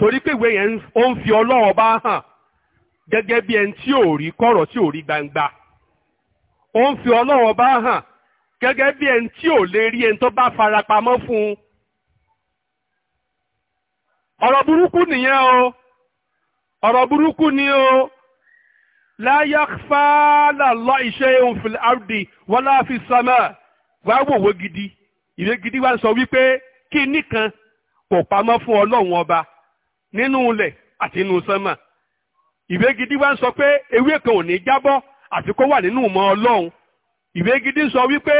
torí pé ìwé yẹn ó ń fi ọlọ́run bá hàn gẹ́gẹ́ bí ẹni tí ò rí kọ̀rọ̀ tí ò rí gbangba ó ń fi ọlọ́run bá hàn gẹ́gẹ́ bí ẹni tí ò lè rí ẹni tó bá farapamọ́ fún un ọ̀rọ̀ burúkú nìyẹn o ọ̀rọ̀ burúkú ni o láyàfà làlọ́ iṣẹ́ òfin àrùdì wọ́n láfi sámà wá wòwò gidi ìwé gidi wá sọ wípé kí nìkan kò pamọ́ fún ọlọ́run ọba nínú ilẹ̀ àti inú sánmà ìwé gidi wá ń sọ pé ewé kan ò ní jábọ́ àti kó wà nínú ìmọ̀ ọlọ́run ìwé gidi sọ wípé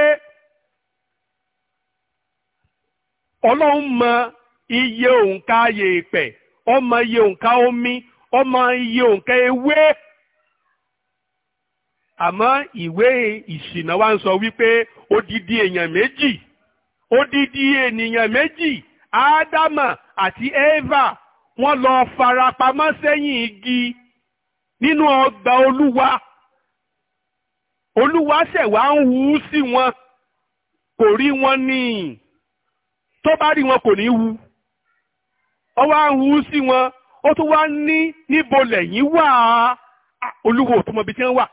ọlọ́run mọ iye òǹkà ayè ìpẹ̀ ọmọ iye òǹkà omi ọmọ iye òǹkà ewé àmọ́ ìwé ìṣìnà wá ń sọ wípé odidi èèyàn méjì odidi ènìyàn méjì ádámà àti éva wọ́n lọ farapamọ́ sẹ́yìn igi nínú ọgbà olúwa olúwa ṣẹ̀wá ń hù ú sí wọn kò rí wọn ní tó bá rí wọn kò ní hu ọ wá ń hù sí wọn ó tún wá ní níbo lẹ́yìn wà á olúwa ò tó mọ ibi tí wọ́n wà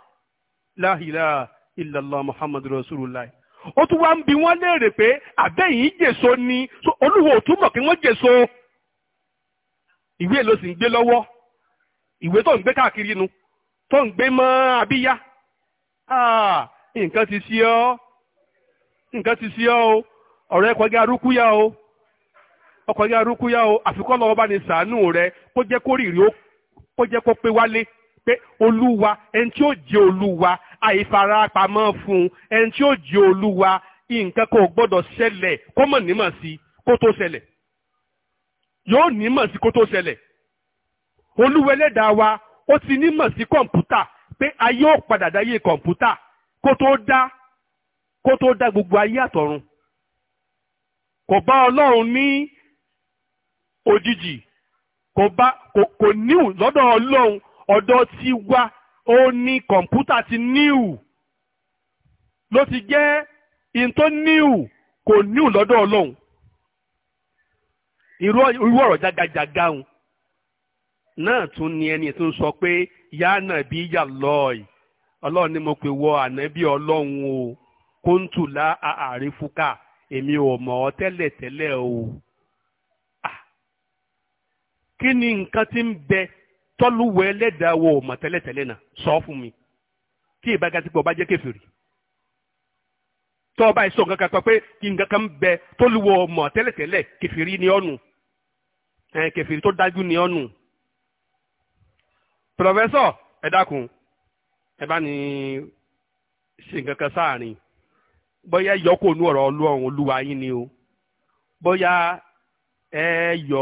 láhìlá ìlàlá muhammadu rasulullah ó tún wá ń bi wọ́n léèrè pé àbẹ́yìn jèso ni olúwa ò kí wọ́n jèso. ìwé èlò sì ń gbé lọ́wọ́ ìwé tó ń gbé káàkiri nu tó ń gbé mọ́ abíyá ah, nǹkan ti sí ọ́ nǹkan ti sí ọ́ o ọ̀rọ̀ ẹ̀kọ́ gẹ́ arúkúyà o ọkọ̀ gẹ́ arúkúyà o àfikọ́ lọ́wọ́ bá ní sàánú rẹ kó jẹ́ kó rìrì ó kó jẹ́ kó pé wálé pé olúwa ẹni tí ó jẹ́ olúwa àìfarapamọ́ fún ẹni tí ó jẹ́ olúwa nǹkan kò gbọ́dọ̀ ṣẹlẹ̀ kó mọ̀ nímọ̀ sí kó tó ṣẹlẹ̀ yóò nímọ̀ sí kó tó ṣẹlẹ̀ olúwẹlẹ́dàá wa ó ti nímọ̀ sí kọ̀ǹpútà pé ayé ó padà dáyé kọ̀ǹpútà kó tó dá kó tó dá gbogbo ayé àtọ̀run kò bá ọlọ́run ní òjijì kò bá kò níwù lọ́dọ̀ ọlọ́run ọ̀dọ̀ ti wá ó ní kọ̀ǹpútà ti níwù ló ti jẹ́ in níwù kò níwù lọ́dọ̀ ọlọ́run. irú ọ̀rọ̀ jagajaga ń náà tún ni ẹni tó ń sọ pé yá nàbí yà lọ́ọ̀ì ọlọ́run ni mo pè wọ ànábì ọlọ́run o kóńtù lá àárín fúkà èmi ò mọ̀ ọ́ o. kí ni nǹkan ti ń bẹ tọ́lúwẹ̀ ẹlẹ́dàá wo ò mọ̀ tẹ́lẹ̀tẹ́lẹ̀ náà sọ fún mi kí ìbágatipọ̀ bá jẹ́ kẹfìrì tọ́ọ̀bá ìṣó nǹkan kan pé kí nǹkan kan bẹ tólúwọ̀ ọmọ tẹ́lẹ̀tẹ́lẹ̀ kẹfìrí ni kẹfìrí tó dájú ní ọ̀nù pọfẹsọ ẹ dákun ẹ bá ní ṣe nǹkan kan sáàrin bóyá yọkò ní ọ̀rọ̀ ọlọ́run olúwa yín ni o bóyá ẹ yọ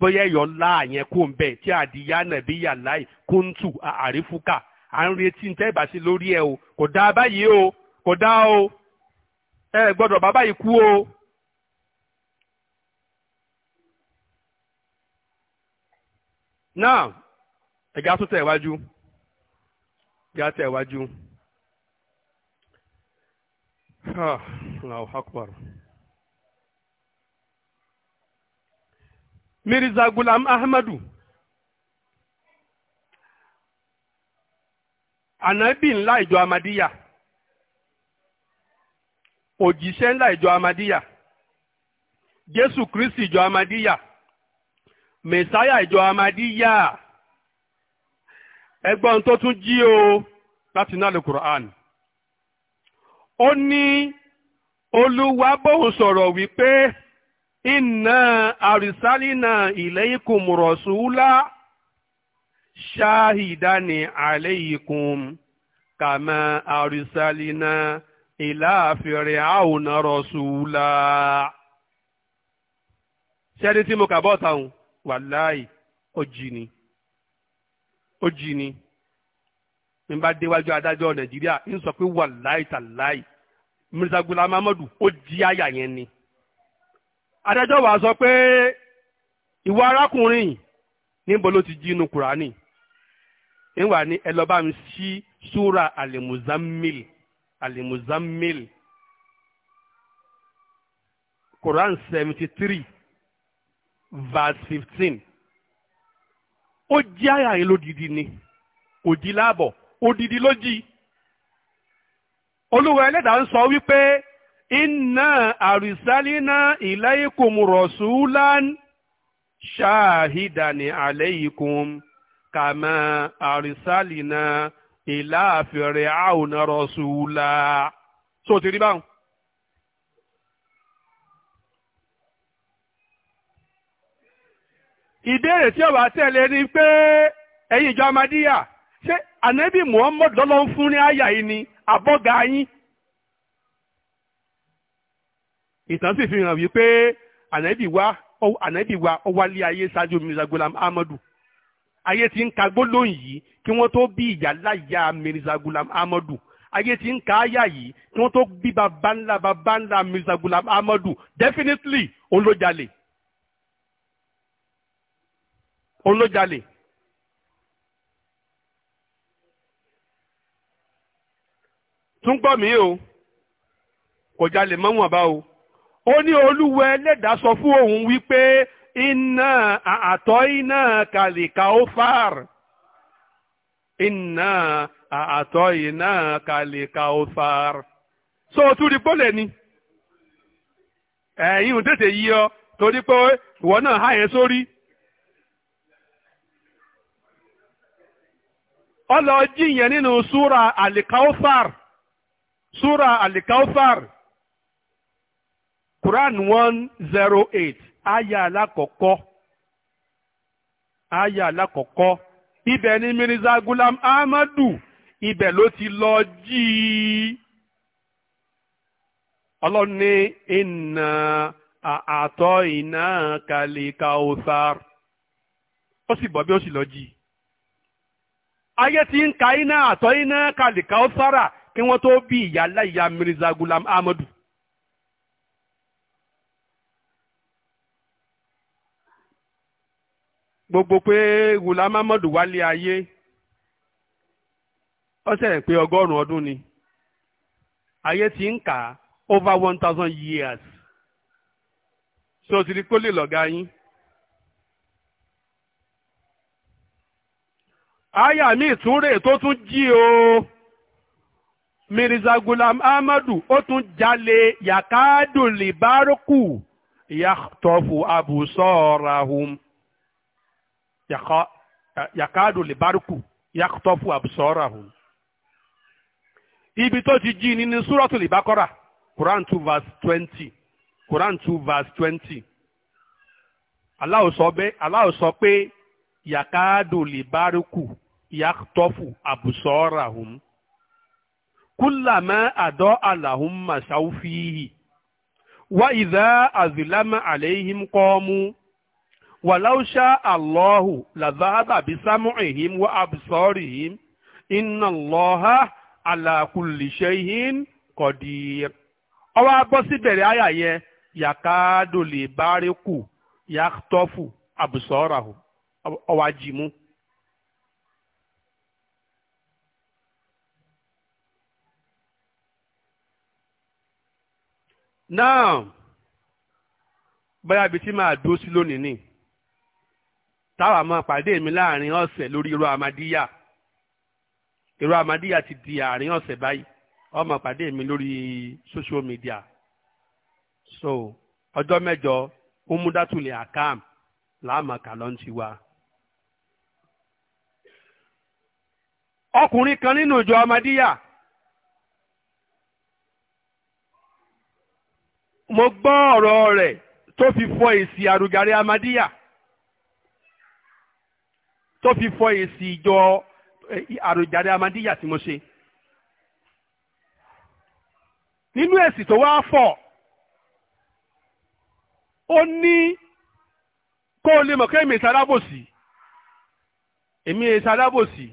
bóyá ẹ yọ láàyẹn kó ń bẹ tí àdìyá nàbí yàrá kóńtù àrífúkà à ń retí ń tẹ́bà sí lórí ẹ o kò dáa báyìí o kò dáa o ẹ gbọ́dọ̀ bàbá yìí kú o. Now, náà ẹ̀gá tó tẹ̀ wájú ẹ̀gá tẹ̀ wájú. Ah, Allahu akbar. Mirza Gulam Ahmadu. Ànábì ńlá ìjọ Amadíyà. Òjíṣẹ́ ńlá ìjọ Amadíyà. Jésù Kristi ìjọ Amadíyà. mẹ̀sáyà ìjọ amadíyà ẹgbọn tó tún jí o láti náà lè Qur'an ó ní olúwa bóun sọ̀rọ̀ wípé inna arsalna ilaykum rasula ṣáhìdánì alaykum kàmá arsalna ìlà fir'auna rasula ṣẹ́ni tí mo kà bọ́ táwọn. wàláì ó jí ni ó jí ni mi bá déwájú adájọ́ nàìjíríà ń sọ pé wàláì tàláì Mirza Ghulam Ahmadu ó jí àyà yẹn ni adájọ́ wàá sọ pé ìwọ arákùnrin níbo ló ti jí inú Kùránì ń wà ní ẹ sí súra alimuzammil alimuzammil Quran seventy three verse 15. ó jí àyà yẹn lódìdí ni kò jí láàbọ̀ odidi ló jí olúwa ẹlẹ́dàá ń sọ wípé inna àrísálínà ilaykum rasulan ṣáàhídàní alaykum kàmá àrísálínà ìlà fir'auna rasula. so ti rí báwọn ìbéèrè tí ó wá tẹ̀lé ni pé ẹ̀yin ìjọ amadíyà ṣé ànábì muhammed lọ́lọ́ ń fún ní àyà yìí ni àbọ́gà yín. ìtàn sì fi hàn wípé ànábì wa ànábì wa ó wálé ayé ṣáájú mirza gulam ahmadu ayé ti ń ka gbólóhùn yìí kí wọ́n tó bí ìyá láyà mirza gulam ahmadu ayé ti ń ka àyà yìí kí wọ́n tó bí baba ńlá baba ńlá mirza gulam ahmadu definitely òun òun ló jalè. tún gbọ́ mí o kò jalè mọ́ wọn bá o ó ní olúwa ẹlẹ́dàá sọ fún òun wípé iná àtọ́ iná kàlíkà ó fàr iná àtọ́ iná kàlíkà ó fàr so tún rí pọ́lẹ̀ ni ẹ̀yìn tètè yí ọ torí pé ìwọ náà há yẹn sórí. So ọlọ jíyàn nínú súra alikawfar súra alikawfar quran one zero eight aya alakọkọ aya alakọkọ ibẹ̀ ni mirza gulam ahmadu ibẹ̀ ló ti lọ jí i ọlọ́run ní iná àtọ́ iná kàlíkà ó sì bọ̀ bí ó sì lọ jí i ayé ti ń ka iná àtọ́ iná kàlìkà ó sára kí wọ́n tó bí ìyálà ìyá Mirza Gulam Ahmadu. gbogbo pé Gulam Ahmadu wálé ayé ó ṣe pé ọgọ́rùn-ún ọdún ni ayé ti ń kà over one thousand years so ti di kólé lọ́gá yín. àyà mi ìtúnrè tó tún jí o mirza gulam amadu ó tún jalè yakadu libaruku yaktofu abusorahum yakadu libaruku yaktofu abusorahum ibi tó ti jí ni ní súrọ́tù libakora quran two verse twenty quran two verse twenty Allah sọ pé pé yakadu libaruku yàtọ́fù àbùsọ́ràhùn kúlàmá àdọ́ àlàhùn màsáwùfíhì wá ìdá àzìlámà àléhìm kọ́mú wàláwùṣá àlọ́hù làzáàbà bí sámúhìm wá àbùsọ́rìhìm iná lọ́ha àlàkùlìṣẹ́hìn kọ̀dìr. ọwọ́ abọ́ síbẹ̀rẹ̀ àyà yẹn yàkádò lè bá rí ajimu. now bóyá ibi tí màá dúró sí lónìí ni táwa máa pàdé mi láàrin ọ̀sẹ̀ lórí irú amadíyà irú amadíyà ti di àárín ọ̀sẹ̀ báyìí ó máa pàdé mi lórí social media so ọjọ́ mẹ́jọ umudatulẹ̀ akam láàmà kàlọ́ǹtì wa. ọkùnrin kan nínú ìjọ amadíyà mo gbọ́ ọ̀rọ̀ rẹ̀ tó fi fọ èsì àrùgàrí amadíyà tó fi fọ èsì ìjọ àrùgàrí amadíyà tí mo ṣe nínú èsì tó wá fọ̀ ó ní kó o lè mọ̀ kéèmì ìsarábòsì èmi ìsarábòsì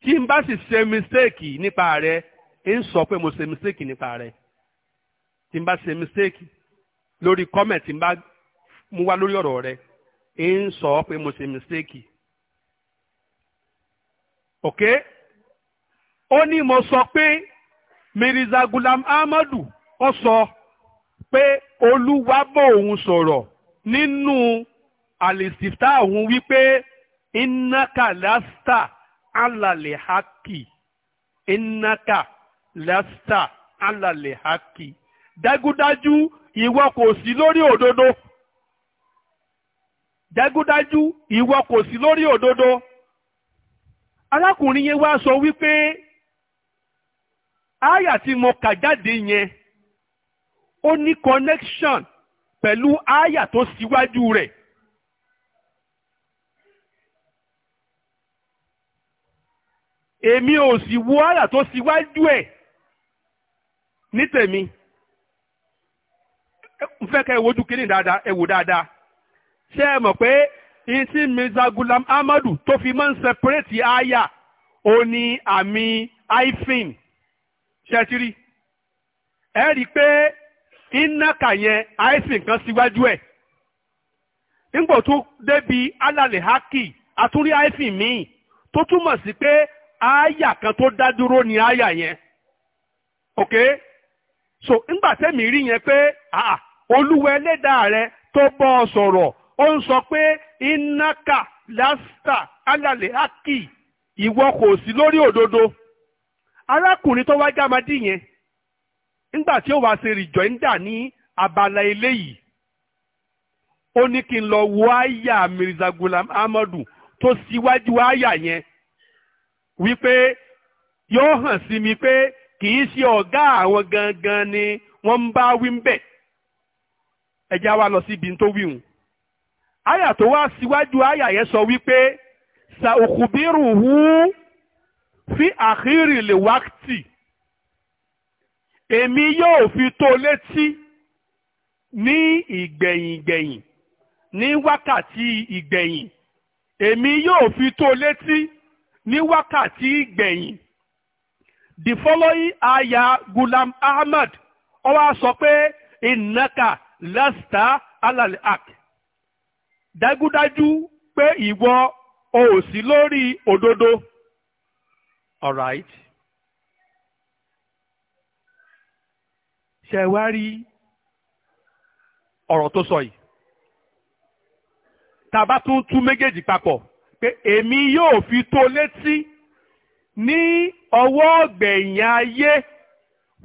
tí n bá sì ṣe mistake nípa rẹ̀ ń sọ pé mo ṣe mistake nípa rẹ̀ tí n bá ṣe mistake lórí comment tí n bá mú wá lórí ọ̀rọ̀ rẹ ń sọ pé mo ṣe mistake ok ó ní mo sọ pé Mirza Gulam Ahmadu ó sọ pé Olúwa bò òun sọ̀rọ̀ nínú àlèsìftà òun wípé innaka lasta alalehaki, inaka lasta alalehaki. dágúdájú ìwọ kò sí lórí òdodo dágúdájú ìwọ kò sí lórí òdodo yẹn wá sọ wípé àyà tí mo kà jáde yẹn ó ní connection pẹ̀lú àyà tó síwájú rẹ̀. èmi ò sì wo àyà tó síwájú ẹ̀ ní n fẹ́ kẹ́ ẹ dada kínní dáadáa ẹ wò dáadáa ṣé ẹ mọ̀ pé Gulam Amadu tó fi máa ń sẹpẹrẹtì àyà ó ní àmì hyphen ṣẹtiri ẹ rí i pé ináka yẹn hyphen kan síwájú ẹ nígbà tó débi alàlẹ haki àtúrí hyphen míì tó túmọ̀ sí pé àyà kan tó dá dúró ni àyà yẹn ok so nígbà tẹ́mi rí yẹn pé a. Ah, olúwa ẹlẹ́dàá rẹ tó bọ́ ọ sọ̀rọ̀ ó ń sọ pé ináka lásìtà alàlẹ́ hákì ìwọ kò sí lórí òdodo arákùnrin tó wá jámadí yẹn nígbà tí ó wá ṣe rìjọ ń dà ní abala eléyìí ó ní kí n lọ wo àyà Mirza Gulam Amadu tó síwájú àyà yẹn wípé yóò hàn sí mi pé kì í ṣe ọ̀gá àwọn gangan ni wọ́n ń bá wí ń bẹ̀. ẹjẹ́ wa lọ sí ibi tó wíhun àyà tó wá síwájú àyà yẹn sọ wípé sa òkùbírù hu fi àkírì lè wákìtì èmi yóò fi tó létí ní ìgbẹ̀yìn ìgbẹ̀yìn ní wákàtí ìgbẹ̀yìn èmi yóò fi tó létí ní wákàtí ìgbẹ̀yìn the following aya Gulam Ahmad ó wá sọ pé ìnáka lásìtá alàlẹ́ ak dájúdájú pé ìwọ o ò sí lórí òdodo all right ṣe wá rí ọ̀rọ̀ tó sọ yìí tá a bá tún tú méjèèjì papọ̀ pé èmi yóò fi tó létí ní ọwọ́ ọ̀gbẹ̀yìn ayé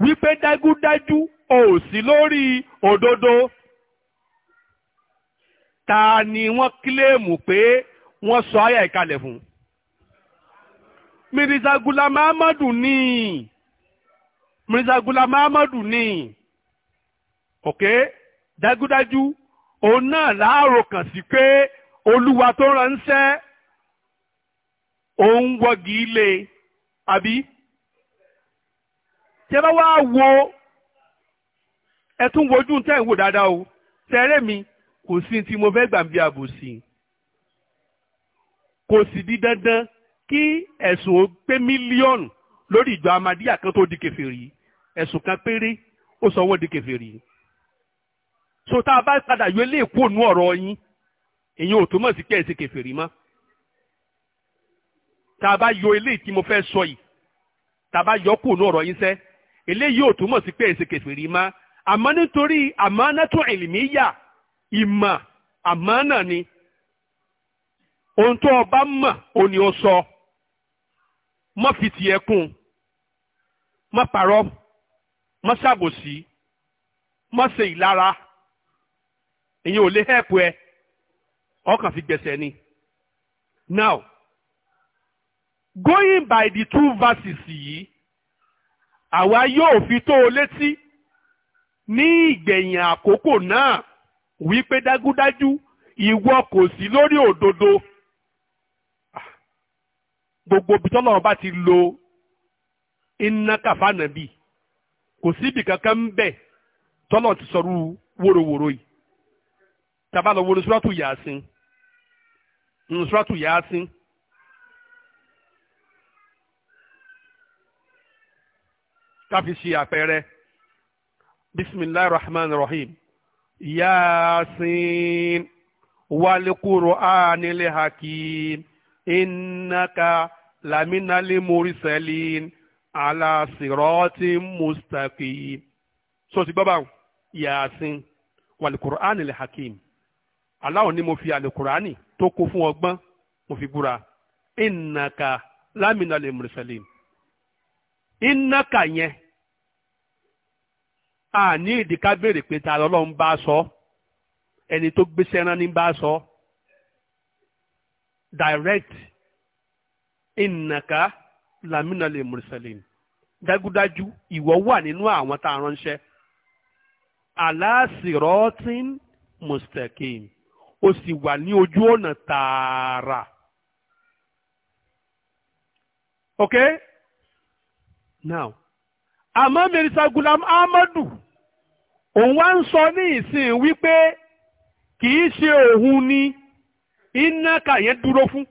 wípé dájúdájú o ò sí lórí òdodo ta ni wọ́n kílèmù pé wọ́n sọ àyà ìkalẹ̀ fún mirisa gulam amadu ni mirisa gulam amadu ni ok dájúdájú òun náà láàrò kàn sí pé olúwa tó ránṣẹ́ òun wọgì ilé àbí tí bá wá wo ẹ tún wojú tẹ́ ìwò dáadáa o tẹ́rẹ́ mi kò sí tí mo fẹ́ gbà bí àbòsí kò sì di dandan kí ẹ̀sùn ó pé mílíọ̀nù lórí ìjọ amadíyà kan tó di kèfèrí ẹ̀sùn kan péré ó sọ wọ́n di kèfèrí so tá a bá padà yọ ilé ìkóònú ọ̀rọ̀ yín ìyẹn ò túmọ̀ sí kẹ́ ẹ̀ ṣe kèfèrí mọ́ tá a bá yọ eléyìí tí mo fẹ́ sọ yìí tá a bá yọ kóònú ọ̀rọ̀ yín sẹ́ eléyìí ò túmọ̀ sí pé ẹ̀ ṣe kèfèrí mọ́ àmọ́ nítorí àmánátù ìlìmíyà ìmọ̀ àmánà ni ohun tó o bá mọ̀ ò ní o sọ mọ́ fi tiẹ̀ kún mọ́ parọ́ mọ́ ṣàbòsí mọ́ ṣe ìlara èyí ò lè hẹ́pù ẹ ọkàn fi gbẹ̀sẹ̀ ni. now going by the two verses yìí àwa yóò fi tó o létí. ní ìgbẹ̀yìn àkókò náà wípé dágúdájú ìwọ kò sí lórí òdodo gbogbo bitọ́lọ́wọ́ bá ti lo iná kàfá nàbì kò síbi kankan ń bẹ̀ tọ́lọ̀ ti sọ̀rọ̀ wóróworó yìí tàbá lọ wọlé sùràtù yàásín sùràtù yàásín. ká fi ṣe àpẹẹrẹ. bisimilahi rahman rahim yasin walikuru anile hakim innaka laminali murisalin ala siroti mustaqim so ti gbọ́bà yasin walikuru anile hakim aláwọ̀ ni mo fi alukurani tó kó fún ọgbọ́n mo fi búra innaka laminali murisalin innaka yẹn a ní ìdí ká béèrè pé ta lọ́lọ́run bá sọ ẹni tó gbéṣẹ́ rán ní bá sọ direct ìnàká lamina lè mùrìsẹ̀lẹ̀ dájúdájú ìwọ wà nínú àwọn tá a ránṣẹ́ aláṣìírọ́tìn mustaqim O sì wà ní ojú ọ̀nà tààrà. okay now àmọ́ mẹ́rìsà gulam amadu òun wá ń sọ ní ìsìn wípé kì í ṣe òun ni iná kàyẹn dúró fún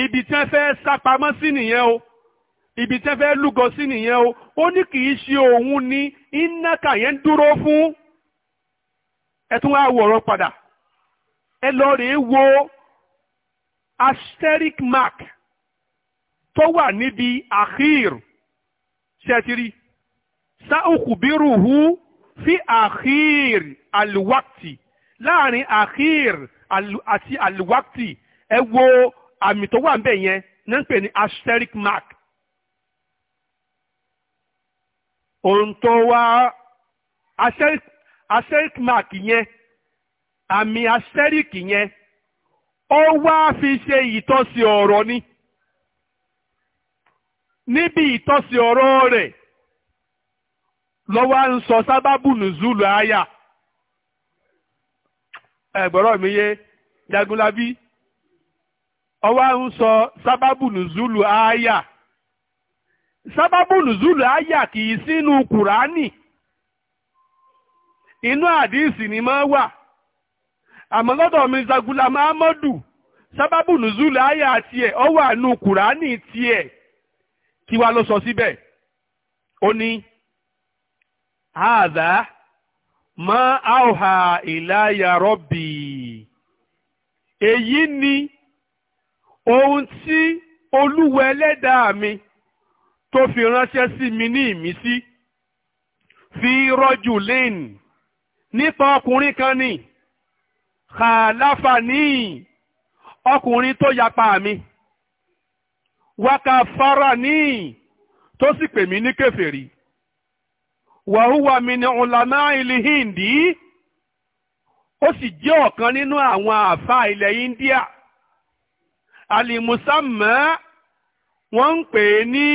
ibi tí wọ́n fẹ́ sápamọ́ sí nìyẹn o ibi tí wọ́n fẹ́ lúgọ sí nìyẹn o ó ní kì í ṣe òun ni iná kàyẹn dúró fún ẹ tún wá wọ̀rọ̀ padà ẹ lọ rèé wo asterisk mark tó wà níbi akhir ṣẹ́tìrì سأخبره في أخير الوقت láàrin akhir àti alwakti ẹ wo àmì tó wà ń bẹ yẹn ní ń pè ní asterisk mark. ohun tó wá asterisk mark yẹn àmì asterisk yẹn ó wá fi ṣe ìtọ́sí ọ̀rọ̀ ni níbi ìtọ́sí ọ̀rọ̀ rẹ̀ lọ́wọ́ nsọ ń sọ sábàbù nùzúlù àyà ẹ̀gbọ́rọ̀ mi yé jagunlabi ọwọ́ ń sọ sábàbù nùzúlù àyà sábàbù kì í sínú kùránì inú àdìsí ni máa wà àmọ́ lọ́dọ̀ mi zagula Amadu sábàbù nùzúlù àyà tiẹ̀ ọwọ́ àánú kùránì tiẹ̀ kí lọ sọ síbẹ̀ ó ní. هذا ما أوحى إلي ربي èyí ni ohun tí olúwa ẹlẹ́dàá mi tó fi ránṣẹ́ sí mi ní ìmísí fi rọ́jù lẹ́nì nípa ọkùnrin kan ni kàláfà ọkùnrin tó yapa mi wákàfàrà ní tó sì pè mí ní kèfèrí. wàhúwà mini ụlọ ọ̀làmá hindi ó sì jẹ́ ọ̀kan nínú àwọn ààfáà India alimusamma wọ́n ń pe ni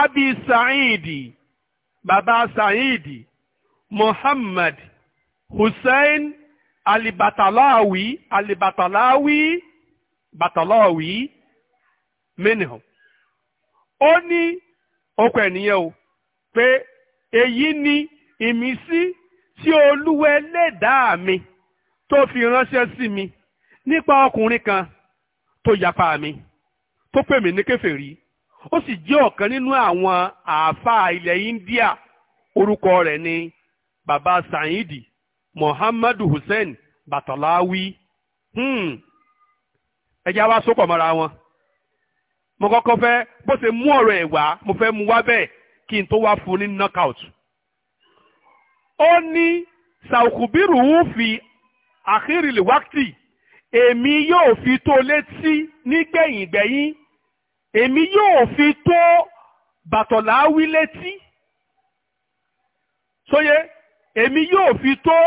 abi saidi baba saidi Muhammad Hussein alibatalawi alibatalawi batalawi minhum ni ní okùn ẹ̀nìyẹn o èyí ni ìmísí tí olúwa ẹlẹ́dàá mi tó fi ránṣẹ́ sí mi nípa ọkùnrin kan tó yapa mi tó pè mí ní kèfèrí ó sì jẹ́ ọ̀kan nínú àwọn àáfàá ilẹ̀ India orúkọ rẹ̀ ni baba Saidi Muhammadu Hussein Batalawi hmm. ẹja wa sopọ̀ mọ́ra wọn mo kọ́kọ́ fẹ́ bó ṣe mú ọ̀rọ̀ ẹ̀ wá mo fẹ́ mu wá kí n tó wá fún ní knockout ó ní sàkùbírù ń fi àkírìlì wákìtì èmi yóò fi tó létí nígbẹ̀yìngbẹ̀yìn èmi yóò fi tó bàtọ̀láwí létí sóye èmi yóò fi tó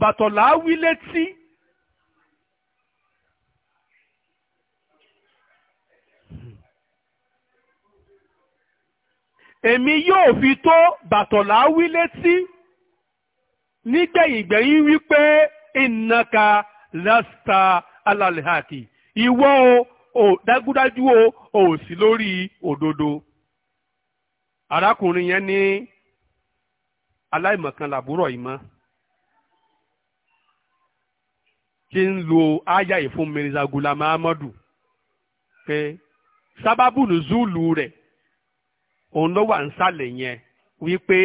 bàtọ̀láwí létí. èmi yóò fi tó bàtọ̀láwí létí nígbẹ̀yìngbẹ̀yìn wípé ìnaka lásìta alàlẹ́hàkì ìwọ o dágúdájú o ò sí lórí òdodo. arákùnrin yẹn ní aláìmọ̀kan làbúrò ìmọ̀ kí ń lo áyà ìfún Mirza Ghulam pé sábàbùnù zúùlù rẹ̀ òun ló wà nísàlẹ̀ yẹn wípé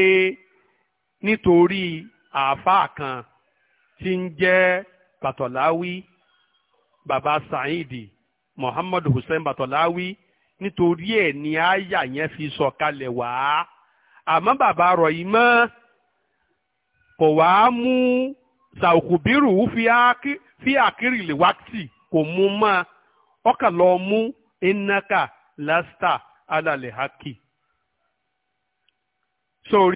nítorí àáfàá kan tí ń jẹ́ bàtọ̀láwí bàbá Saidi Muhammadu Hussein bàtọ̀láwí nítorí ẹ̀ ni àyà yẹn fi sọ̀kalẹ̀ wá àmọ́ bàbá rọ̀ yìí mọ́ kò wá mú sàòkùbírù fi àkírí lè wá tì kò mú mọ́ ọkàn lọ mú ináka lásìtà alàlẹ́ hákì. So